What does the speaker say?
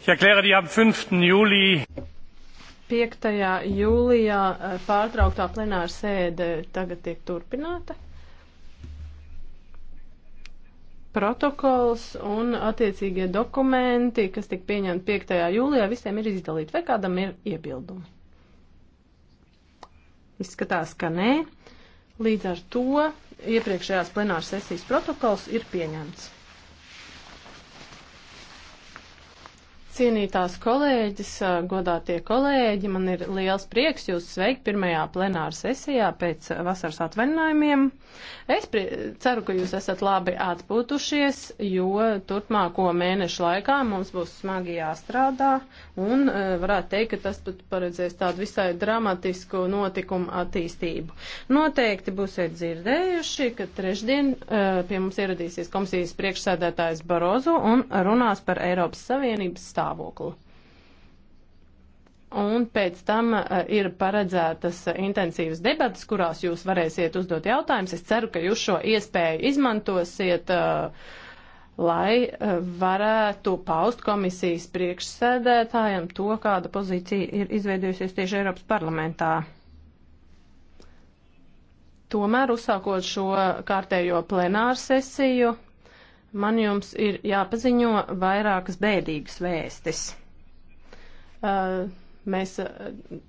Ich erkläre die am 5. Juli 5. jūlijā eh, pārtrauktā plenāra sēde tagad tiek turpināta. Protokols un attiecīgie dokumenti, kas tika pieņemti 5. jūlijā, visiem ir izdalīti. Vai kādam ir iebildumi? Izskatās, ka nē. Līdz ar to iepriekšējās plenāra sesijas protokols ir pieņemts. Cienītās kolēģis, godātie kolēģi, man ir liels prieks jūs sveikt pirmajā plenāra sesijā pēc vasaras atvaļinājumiem. Es ceru, ka jūs esat labi atpūtušies, jo turpmāko mēnešu laikā mums būs smagi jāstrādā un varētu teikt, ka tas pat paredzēs tādu visai dramatisku notikumu attīstību. Noteikti būsiet dzirdējuši, ka trešdien pie mums ieradīsies komisijas priekšsēdētājs Barozo un runās par Eiropas Savienības stāvokli stāvokli. Un pēc tam eh, ir paredzētas eh, intensīvas debatas, kurās jūs varēsiet uzdot jautājumus. Es ceru, ka jūs šo iespēju izmantosiet, eh, lai varētu paust komisijas priekšsēdētājiem to, kāda pozīcija ir izveidojusies tieši Eiropas parlamentā. Tomēr, uzsākot šo kārtējo plenāru sesiju, man jums ir jāpaziņo vairākas bēdīgas vēstis. Uh, mēs uh,